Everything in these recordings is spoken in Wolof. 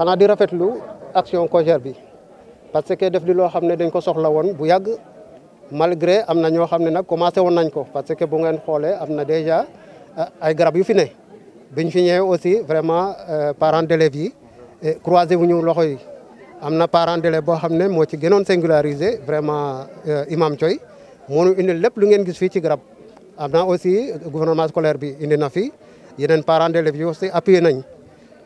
xanaa di rafetlu action COJER bi parce que def di loo xam ne dañ ko soxla woon bu yàgg malgré am na ñoo xam ne nag commencé woon nañ ko parce que bu ngeen xoolee am na déjà euh, ay garab yu fi ne biñ fi ñëwee aussi vraiment euh, parents d'élèves yi croisé wu ñu loxo yi am na parent d'élève boo xam ne moo ci gënoon singularisé vraiment euh, Imam Thioy moo ñu indil lépp lu ngeen gis fii ci garab am na aussi gouvernement scolaire bi indi na fi yeneen parents d'élèves yi aussi appuyé nañ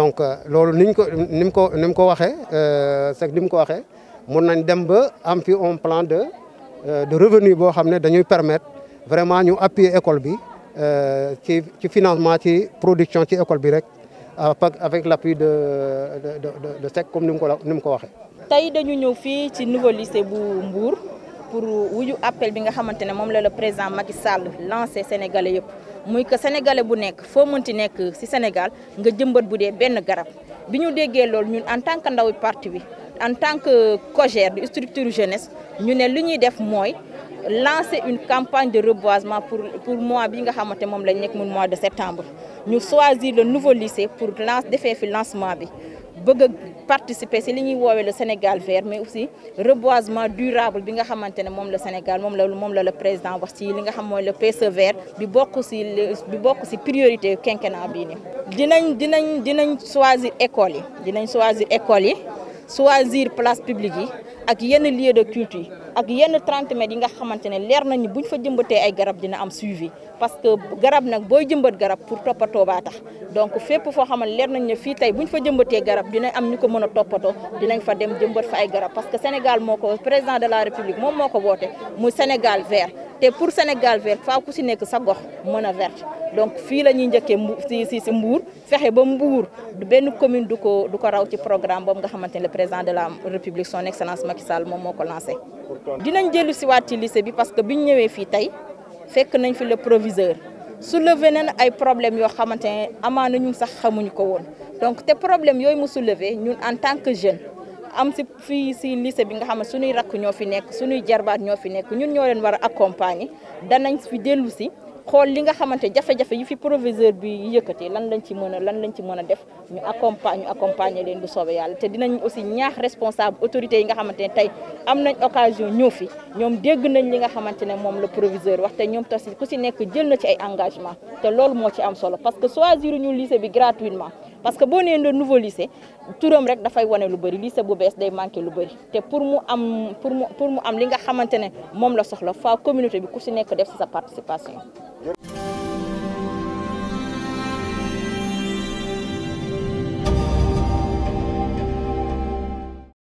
donc euh, loolu niñ ko ni mu ko ni mu ko waxee euh, c'est ni mu ko waxee mun nañ dem ba am fi un plan de euh, de revenu boo xam ne dañuy permettre vraiment ñu appuyer école bi ci ci financement ci production ci école bi rek avec l'appui de de de SEC comme ni mu ko ni mu ko waxee. tey dañu ñëw fii ci nouveau lycée bu Mbour pour wuyu appel bi nga xamante ne moom le président Macky Sall lancé Sénégalais yëpp muy que sénégalais bu nek fo meunti nek ci Sénégal nga jëmbat budé ben benn garab bi ñu déggee ñun en tant que ndaw parti bi en tant que cogère de structure jeunesse ñu né luñuy def moy lancer une campagne de reboisement pour pour mois bi nga xamanté mom lañ nek mois de septembre ñu choisir le nouveau lycée pour lance défé fi lancement bi bëgg participer c'est li ñuy le Sénégal vert mais aussi reboisement durable bi nga xamantene mom le Sénégal mom la mom la le président wax ci li nga xam moy le PSE vert bi bokku si bi bokku si priorité quinquennat bii nii. dinañ dinañ dinañ choisir école yi dinañ choisir école yi choisir place publique yi ak yenn lieu de culture ak yenn 30 mètres yi nga xamante ne leer nañ ni buñ fa jëmbatee ay garab dina am suivi parce que garab nag booy jëmbat garab pour toppatoo baa tax donc fépp foo xamante leer nañ ne fii tey buñ fa jëmbatee garab dina am ñu ko mën a toppatoo dinañ fa dem jëmbat fa ay garab parce que Sénégal moo ko président de la République moom moo ko woote muy Sénégal vert te pour Sénégal vert faaw ku si nekk sa gox mën vert donc fii la ñuy njëkkee mbu si si si Mbour fexe ba Mbour benn commune du ko du ko raw ci programme boobu nga xamante ne le président de la République son excellence Macky Sall moom moo ko lancé. dinañ jëlu si waat ci lycée bi parce que biñ ñëwee fii tey fekk nañ fi le proviseur Soulever nañ ay problèmes yoo xamante ne amaana ñun sax xamuñu ko woon donc te problème yooyu mu soulevé ñun en tant que jeune. am si fii si bi nga xam ne suñuy rakk ñoo fi nekk suñuy jarbaat ñoo fi nekk ñun ñoo leen war a accompagner danañ fi dellu si xool li nga xamante jafe-jafe yi fi proviseur bi yëkkatee lan lañ ci mën a lan lañ ci mën a def ñu accompagner ñu leen du soobee yàlla te dinañ aussi ñaax responsable autorité yi nga xamante ne tey am nañ occasion ñëw fi ñoom dégg nañ li nga xamante ne moom la proviseur wax te ñoom tasi ku si nekk jël na ci ay engagement te loolu moo ci am solo parce que choisir ñu lycée bi gratuitement parce que boo neen le nouveau lycée turam rek dafay wane lu bëri lycée bu bees day manqué lu bëri te pour mu am pour mu pour mu am li nga xamante ne moom la soxla fa communauté bi ku si nekk def si sa participation